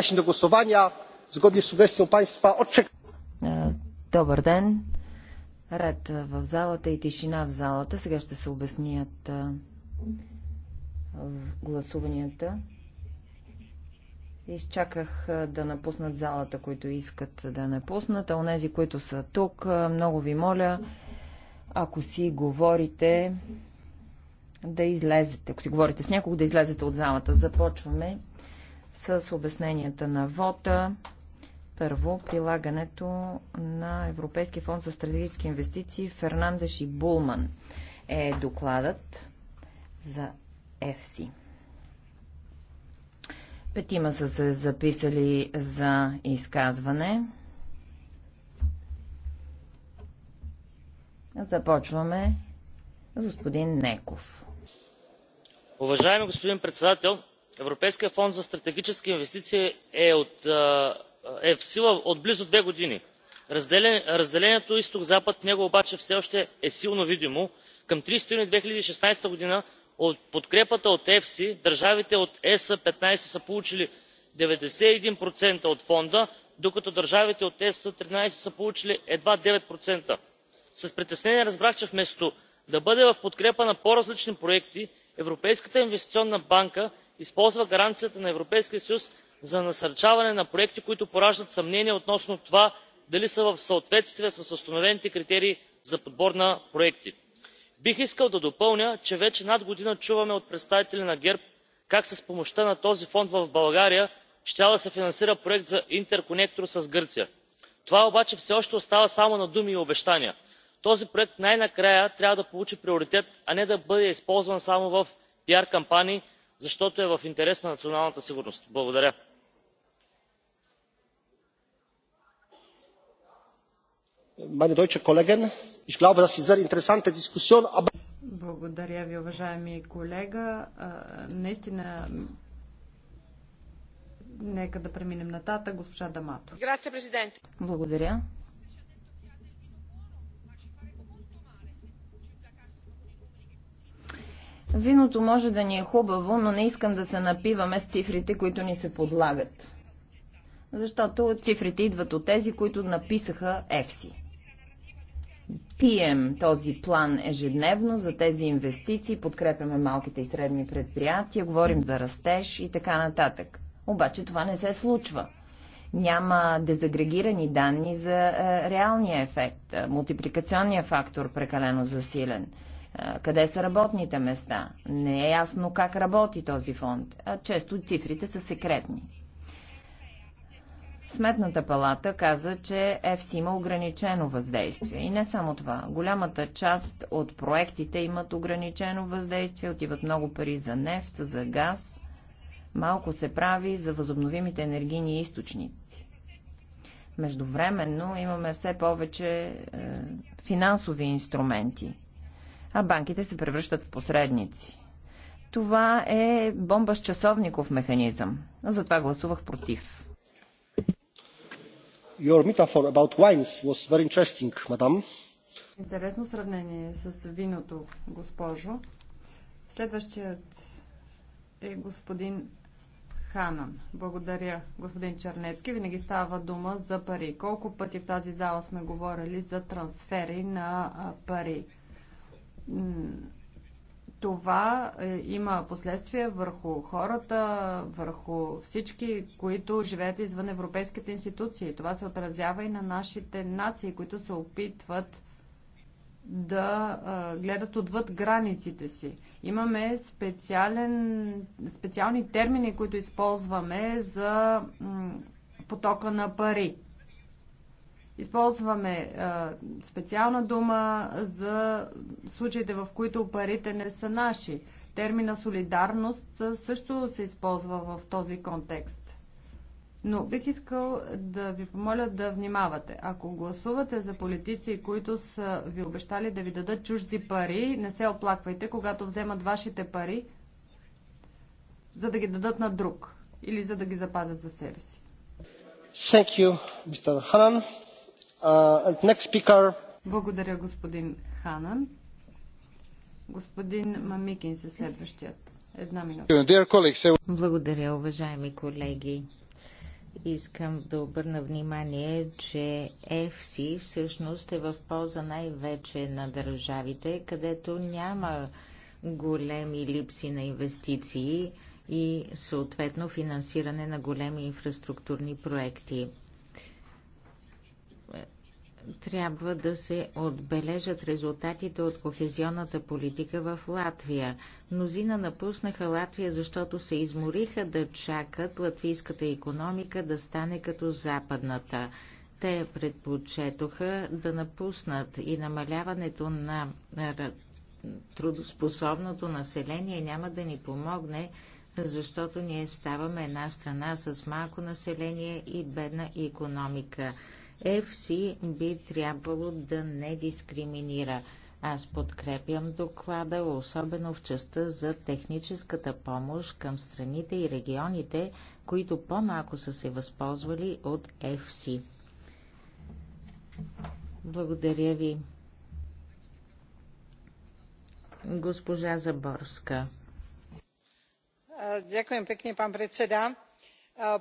się do głosowania. Zgodnie z sugestią państwa Добър ден. Ред в залата и тишина в залата. Сега ще се обяснят гласуванията. Изчаках да напуснат залата, които искат да напуснат, а у нези, които са тук, много ви моля, ако си говорите, да излезете. Ако си говорите с някого, да излезете от залата. Започваме с обясненията на ВОТА. Първо, прилагането на Европейския фонд за стратегически инвестиции Фернандеш и Булман е докладът за ЕФСИ. Петима са се записали за изказване. Започваме с господин Неков. Уважаеми господин председател, европейският фонд за стратегически инвестиции е, е в сила от близо две години. разделението изток запад в него обаче все още е силно видимо. към 30 юни 2016 г. от подкрепата от ефси държавите от ес петнадесет са получили деветдесет и един от фонда докато държавите от ес тринадесет са получили едва. девет процента. с притеснение разбрах че вместо да бъде в подкрепа на по различни проекти европейската инвестиционна банка използва гаранцията на европейския съюз за насърчаване на проекти които пораждат съмнения относно това дали са в съответствие с установените критерии за подбор на проекти. бих искал да допълня че вече над година чуваме от представители на герб как с помощта на този фонд в българия щял да се финансира проект за интерконектор с гърция. това обаче все още остава само на думи и обещания. този проект най накрая трябва да получи приоритет а не да бъде използван само в пиар кампании защото е в интерес на националната сигурност. благодаря. Благодаря ви, уважаеми колега. Наистина, нека да преминем нататък. Госпожа Дамато. Благодаря. Виното може да ни е хубаво, но не искам да се напиваме с цифрите, които ни се подлагат. Защото цифрите идват от тези, които написаха ЕФСИ. Пием този план ежедневно за тези инвестиции, подкрепяме малките и средни предприятия, говорим за растеж и така нататък. Обаче това не се случва. Няма дезагрегирани данни за е, реалния ефект. мултипликационния фактор прекалено засилен къде са работните места. Не е ясно как работи този фонд. А често цифрите са секретни. Сметната палата каза, че ЕФС има ограничено въздействие. И не само това. Голямата част от проектите имат ограничено въздействие, отиват много пари за нефт, за газ. Малко се прави за възобновимите енергийни източници. Междувременно имаме все повече е, финансови инструменти а банките се превръщат в посредници. Това е бомба с часовников механизъм. Затова гласувах против. Your metaphor about wines was very interesting, madam. Интересно сравнение с виното, госпожо. Следващият е господин Ханан. Благодаря, господин Чернецки. Винаги става дума за пари. Колко пъти в тази зала сме говорили за трансфери на пари? това е, има последствия върху хората, върху всички, които живеят извън европейските институции. Това се отразява и на нашите нации, които се опитват да гледат отвъд границите си. Имаме специален, специални термини, които използваме за потока на пари. Използваме а, специална дума за случаите, в които парите не са наши. Термина солидарност също се използва в този контекст. Но бих искал да ви помоля да внимавате. Ако гласувате за политици, които са ви обещали да ви дадат чужди пари, не се оплаквайте, когато вземат вашите пари, за да ги дадат на друг или за да ги запазят за себе си. Thank you, Mr. Uh, Благодаря, господин Ханан. Господин Мамикин се следващият. Една минута. Благодаря, уважаеми колеги. Искам да обърна внимание, че ЕФСИ всъщност е в полза най-вече на държавите, където няма големи липси на инвестиции и съответно финансиране на големи инфраструктурни проекти трябва да се отбележат резултатите от кохезионната политика в Латвия. Мнозина напуснаха Латвия, защото се измориха да чакат латвийската економика да стане като западната. Те предпочетоха да напуснат и намаляването на трудоспособното население няма да ни помогне, защото ние ставаме една страна с малко население и бедна економика. FC би трябвало да не дискриминира. Аз подкрепям доклада, особено в частта за техническата помощ към страните и регионите, които по-малко са се възползвали от FC. Благодаря ви. Госпожа Заборска. Дякуем пекне, пан председател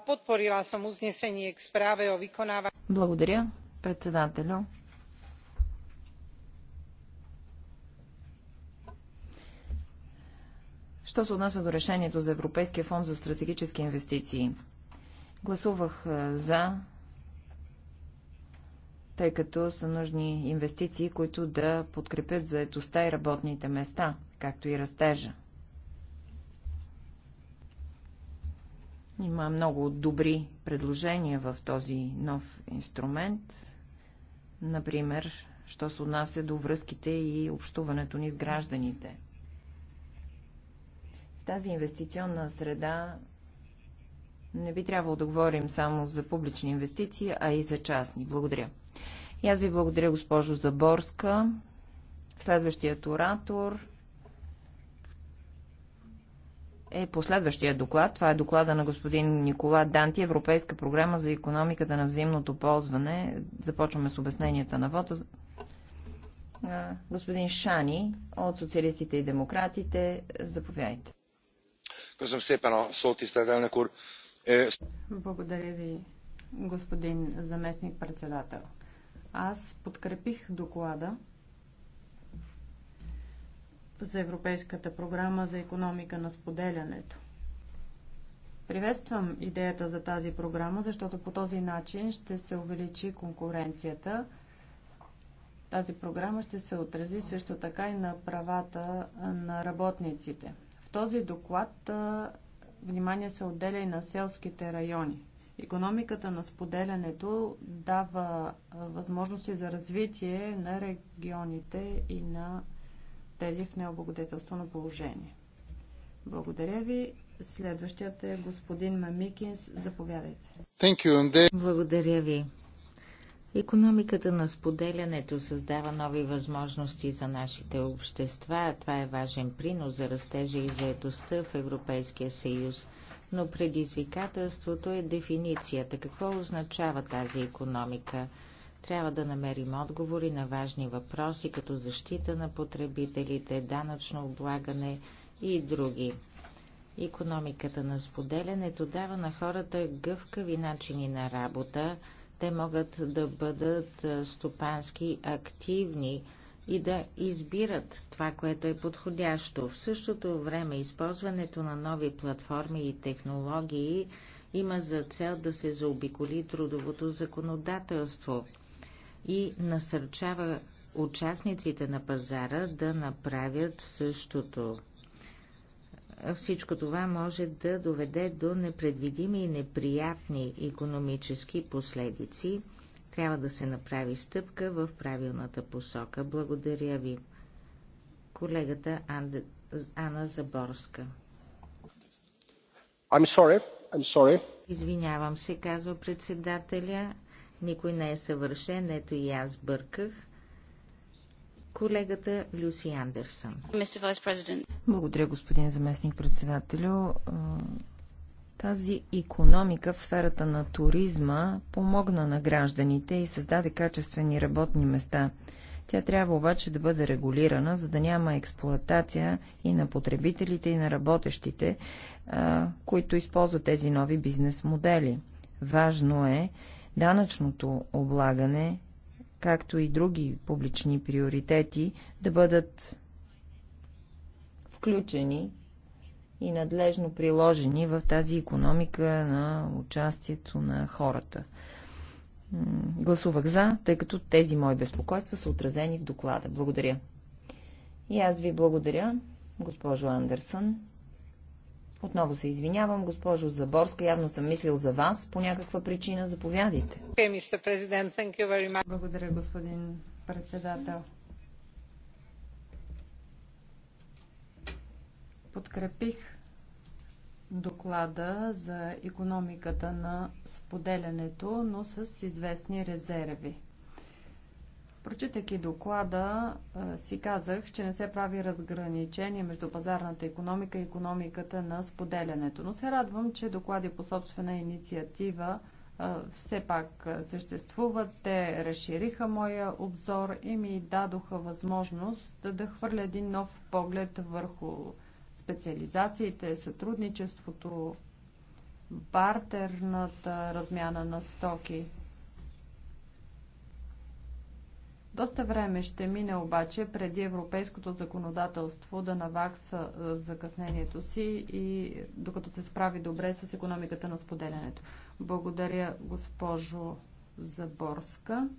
Podporila som uznesenie k správe o vykonávaní. Благодаря, председателю. Що се отнася до решението за Европейския фонд за стратегически инвестиции? Гласувах е, за, тъй като са нужни инвестиции, които да подкрепят заетостта и работните места, както и растежа. Има много добри предложения в този нов инструмент. Например, що се отнася до връзките и общуването ни с гражданите. В тази инвестиционна среда не би трябвало да говорим само за публични инвестиции, а и за частни. Благодаря. И аз ви благодаря, госпожо Заборска. Следващият оратор е последващия доклад. Това е доклада на господин Никола Данти, Европейска програма за економиката на взаимното ползване. Започваме с обясненията на вода. Господин Шани от Социалистите и Демократите, заповядайте. Е, Благодаря ви, господин заместник председател. Аз подкрепих доклада, за Европейската програма за економика на споделянето. Приветствам идеята за тази програма, защото по този начин ще се увеличи конкуренцията. Тази програма ще се отрази също така и на правата на работниците. В този доклад внимание се отделя и на селските райони. Економиката на споделянето дава възможности за развитие на регионите и на тези в необлагодетелствено положение. Благодаря ви. Следващият е господин Мамикинс. Заповядайте. Благодаря ви. Економиката на споделянето създава нови възможности за нашите общества. Това е важен принос за растежа и заедостта в Европейския съюз. Но предизвикателството е дефиницията. Какво означава тази економика? Трябва да намерим отговори на важни въпроси, като защита на потребителите, данъчно облагане и други. Економиката на споделянето дава на хората гъвкави начини на работа. Те могат да бъдат стопански активни и да избират това, което е подходящо. В същото време използването на нови платформи и технологии има за цел да се заобиколи трудовото законодателство и насърчава участниците на пазара да направят същото. Всичко това може да доведе до непредвидими и неприятни економически последици. Трябва да се направи стъпка в правилната посока. Благодаря ви. Колегата Анна Заборска. I'm sorry. I'm sorry. Извинявам се, казва председателя. Никой не е съвършен, ето и аз бърках. Колегата Люси Андерсън. Благодаря, господин заместник председателю. Тази економика в сферата на туризма помогна на гражданите и създаде качествени работни места. Тя трябва обаче да бъде регулирана, за да няма експлоатация и на потребителите, и на работещите, които използват тези нови бизнес модели. Важно е данъчното облагане, както и други публични приоритети, да бъдат включени и надлежно приложени в тази економика на участието на хората. Гласувах за, тъй като тези мои безпокойства са отразени в доклада. Благодаря. И аз ви благодаря, госпожо Андерсън. Отново се извинявам, госпожо Заборска, явно съм мислил за вас. По някаква причина заповядайте. Благодаря, господин председател. Подкрепих доклада за економиката на споделянето, но с известни резерви. Прочитайки доклада, си казах, че не се прави разграничение между пазарната економика и економиката на споделянето. Но се радвам, че доклади по собствена инициатива все пак съществуват. Те разшириха моя обзор и ми дадоха възможност да хвърля един нов поглед върху специализациите, сътрудничеството, бартерната размяна на стоки – Доста време ще мине обаче преди европейското законодателство да навакса е, закъснението си и докато се справи добре с економиката на споделянето. Благодаря, госпожо Заборска.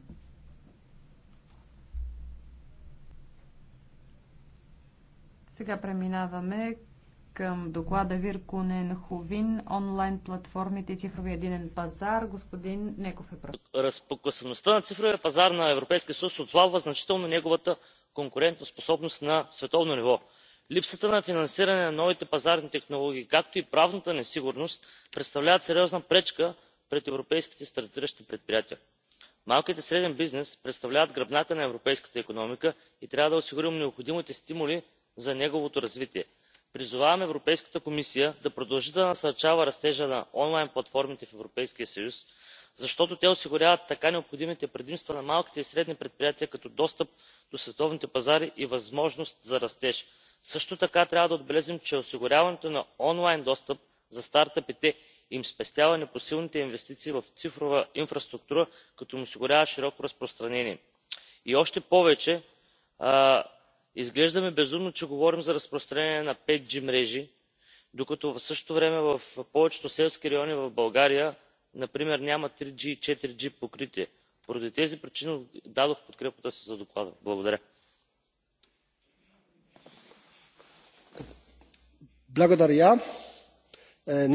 Сега преминаваме към доклада Виркунен Ховин, онлайн платформите и цифрови единен пазар. Господин Неков е прав. Разпокъсаността на цифровия пазар на Европейския съюз отслабва значително неговата конкурентоспособност на световно ниво. Липсата на финансиране на новите пазарни технологии, както и правната несигурност, представляват сериозна пречка пред европейските стартиращи предприятия. Малките и среден бизнес представляват гръбната на европейската економика и трябва да осигурим необходимите стимули за неговото развитие призоваваме европейската комисия да продължи да насърчава растежа на онлайн платформите в европейския съюз защото те осигуряват така необходимите предимства на малките и средни предприятия като достъп до световните пазари и възможност за растеж. също така трябва да отбележим че осигуряването на онлайн достъп за стартъпите им спестява непосилните инвестиции в цифрова инфраструктура като им осигурява широко разпространение. и още повече изглежда безумно че говорим за разпространение на 5G мрежи докато в същото време в повечето селски райони в българя например няма 3G и 4G покритие. поради тези причини дадох подкрепата си за доклада. благодаря. Е,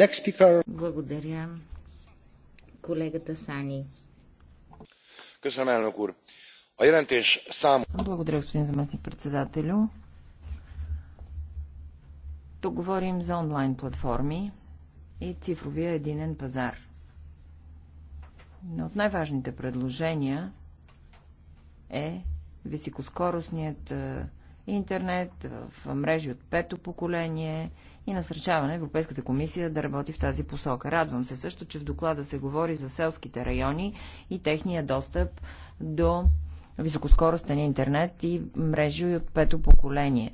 благодаря, господин заместник председателю. Тук говорим за онлайн платформи и цифровия единен пазар. Но от най-важните предложения е високоскоростният е, интернет е, в мрежи от пето поколение и насръчаване Европейската комисия да работи в тази посока. Радвам се също, че в доклада се говори за селските райони и техния достъп до високоскоростен интернет и мрежи от пето поколение.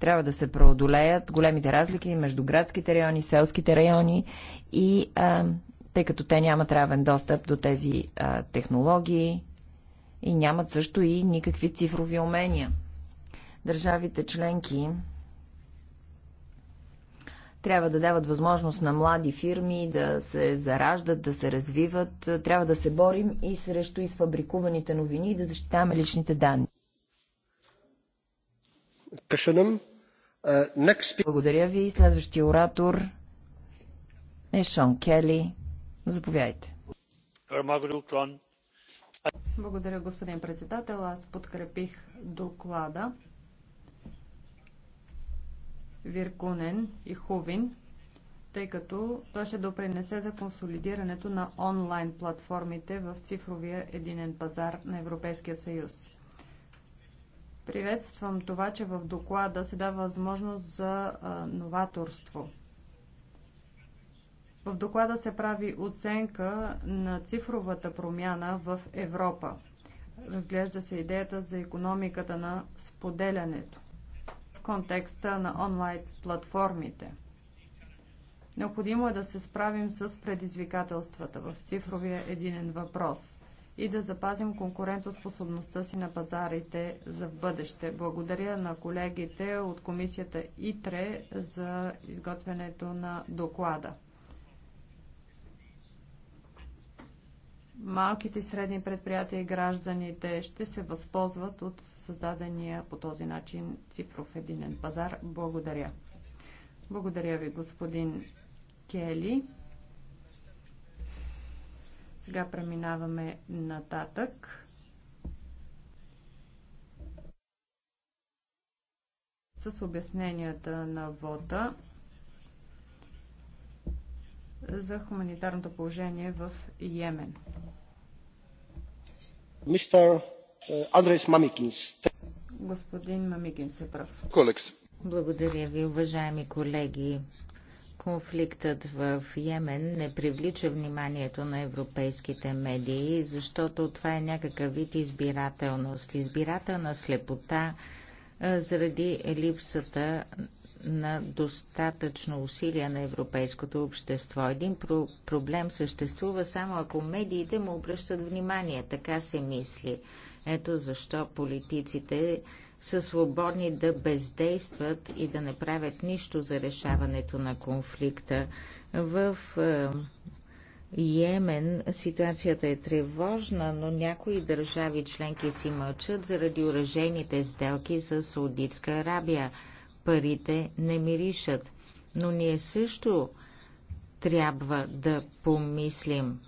Трябва да се преодолеят големите разлики между градските райони, селските райони и а, тъй като те нямат равен достъп до тези а, технологии и нямат също и никакви цифрови умения. Държавите членки трябва да дават възможност на млади фирми да се зараждат, да се развиват. Трябва да се борим и срещу изфабрикуваните новини и да защитаваме личните данни. Е, Благодаря ви. Следващия оратор е Шон Кели. Заповядайте. Благодаря, господин председател. Аз подкрепих доклада. Виркунен и Хувин, тъй като той ще допринесе за консолидирането на онлайн платформите в цифровия единен пазар на Европейския съюз. Приветствам това, че в доклада се дава възможност за а, новаторство. В доклада се прави оценка на цифровата промяна в Европа. Разглежда се идеята за економиката на споделянето контекста на онлайн платформите. Необходимо е да се справим с предизвикателствата в цифровия единен въпрос и да запазим конкурентоспособността си на пазарите за в бъдеще. Благодаря на колегите от комисията ИТРЕ за изготвянето на доклада. малките и средни предприятия и гражданите ще се възползват от създадения по този начин цифров единен пазар. Благодаря. Благодаря ви, господин Кели. Сега преминаваме нататък. С обясненията на ВОТА за хуманитарното положение в Йемен. Мистер е, Андрес Мамикинс. Господин е прав. Благодаря ви, уважаеми колеги. Конфликтът в Йемен не привлича вниманието на европейските медии, защото това е някакъв вид избирателност, избирателна слепота е, заради липсата на достатъчно усилия на европейското общество. Един про- проблем съществува само ако медиите му обръщат внимание. Така се мисли. Ето защо политиците са свободни да бездействат и да не правят нищо за решаването на конфликта. В е, Йемен ситуацията е тревожна, но някои държави членки си мълчат заради уражените сделки с Саудитска Арабия – парите не миришат. Но ние също трябва да помислим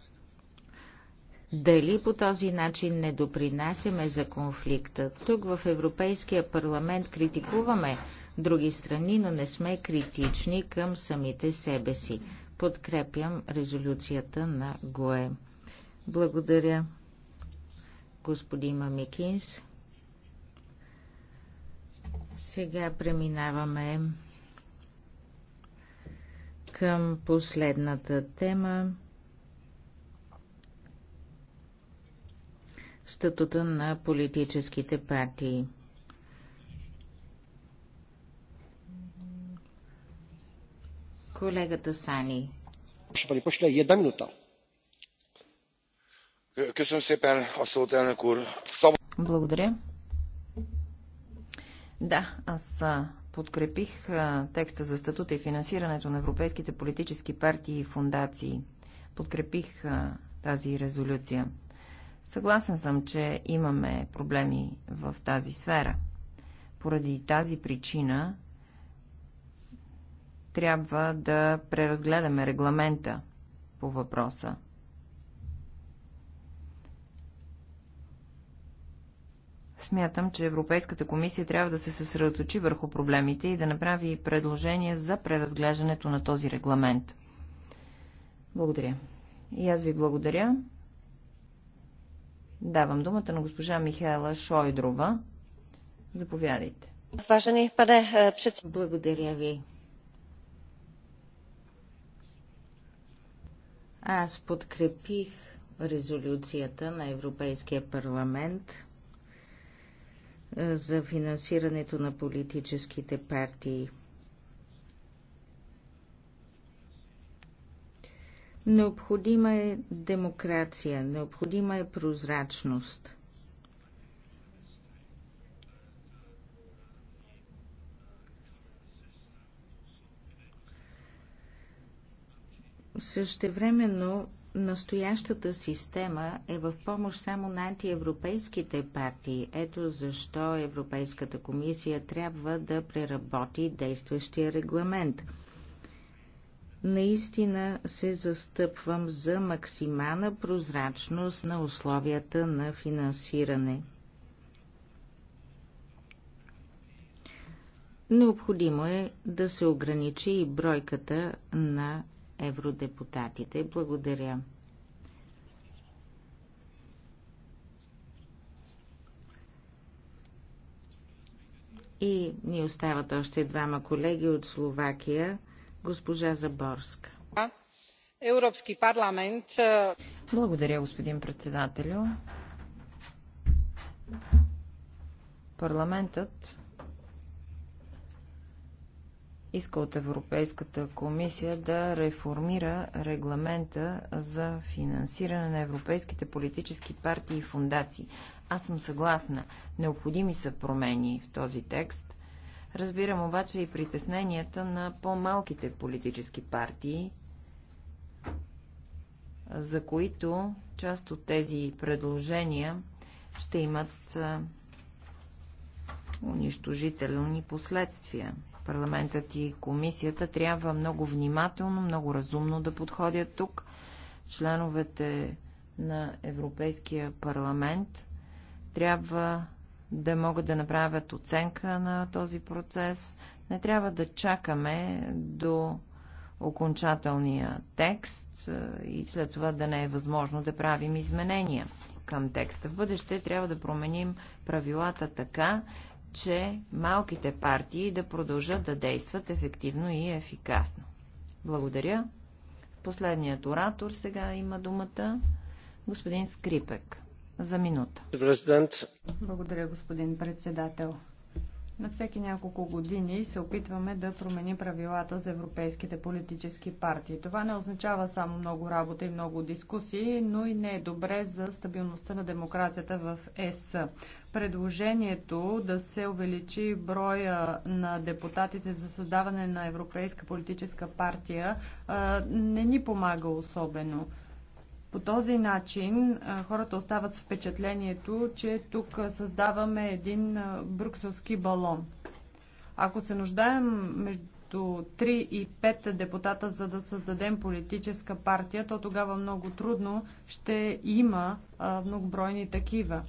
дали по този начин не допринасяме за конфликта. Тук в Европейския парламент критикуваме други страни, но не сме критични към самите себе си. Подкрепям резолюцията на ГОЕ. Благодаря, господин Мамикинс. Сега преминаваме към последната тема. Статута на политическите партии. Колегата Сани. Пани пошля, една минута. Благодаря. Да, аз подкрепих текста за статута и финансирането на европейските политически партии и фундации. Подкрепих тази резолюция. Съгласен съм, че имаме проблеми в тази сфера. Поради тази причина трябва да преразгледаме регламента по въпроса. смятам, че Европейската комисия трябва да се съсредоточи върху проблемите и да направи предложение за преразглеждането на този регламент. Благодаря. И аз ви благодаря. Давам думата на госпожа Михайла Шойдрова. Заповядайте. Важени е, пане е, пред... Благодаря ви. Аз подкрепих резолюцията на Европейския парламент – е, за финансирането на политическите партии. Необходима е демокрация, необходима е прозрачност. Същевременно Настоящата система е в помощ само на антиевропейските партии. Ето защо Европейската комисия трябва да преработи действащия регламент. Наистина се застъпвам за максимална прозрачност на условията на финансиране. Необходимо е да се ограничи и бройката на евродепутатите. Благодаря. И ни остават още двама колеги от Словакия, госпожа Заборска. Европски парламент. Благодаря, господин председателю. Парламентът иска от Европейската комисия да реформира регламента за финансиране на европейските политически партии и фундации. Аз съм съгласна. Необходими са промени в този текст. Разбирам обаче и притесненията на по-малките политически партии, за които част от тези предложения ще имат унищожителни последствия парламентът и комисията трябва много внимателно, много разумно да подходят тук. Членовете на Европейския парламент трябва да могат да направят оценка на този процес. Не трябва да чакаме до окончателния текст е, и след това да не е възможно да правим изменения към текста. В бъдеще трябва да променим правилата така, че малките партии да продължат да действат ефективно и ефикасно. Благодаря. Последният оратор сега има думата господин Скрипек за минута. Президент. Благодаря, господин председател. На всеки няколко години се опитваме да променим правилата за европейските политически партии. Това не означава само много работа и много дискусии, но и не е добре за стабилността на демокрацията в ЕС. Предложението да се увеличи броя на депутатите за създаване на Европейска политическа партия не ни помага особено. По този начин хората остават с впечатлението, че тук създаваме един брюкселски балон. Ако се нуждаем между 3 и 5 депутата, за да създадем политическа партия, то тогава много трудно ще има многобройни такива.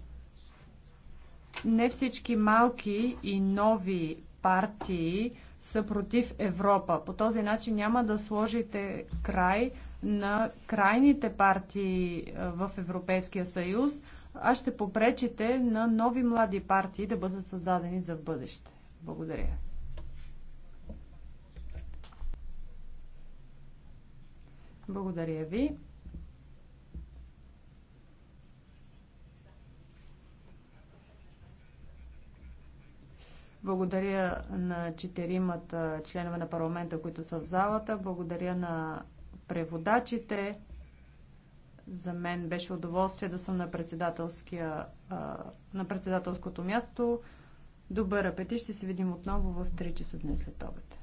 Не всички малки и нови партии са против Европа. По този начин няма да сложите край на крайните партии в Европейския съюз, а ще попречите на нови млади партии да бъдат създадени за бъдеще. Благодаря. Благодаря ви. Благодаря на четиримата членове на парламента, които са в залата. Благодаря на преводачите. За мен беше удоволствие да съм на, председателския, на председателското място. Добър апетит, ще се видим отново в 3 часа днес след обед.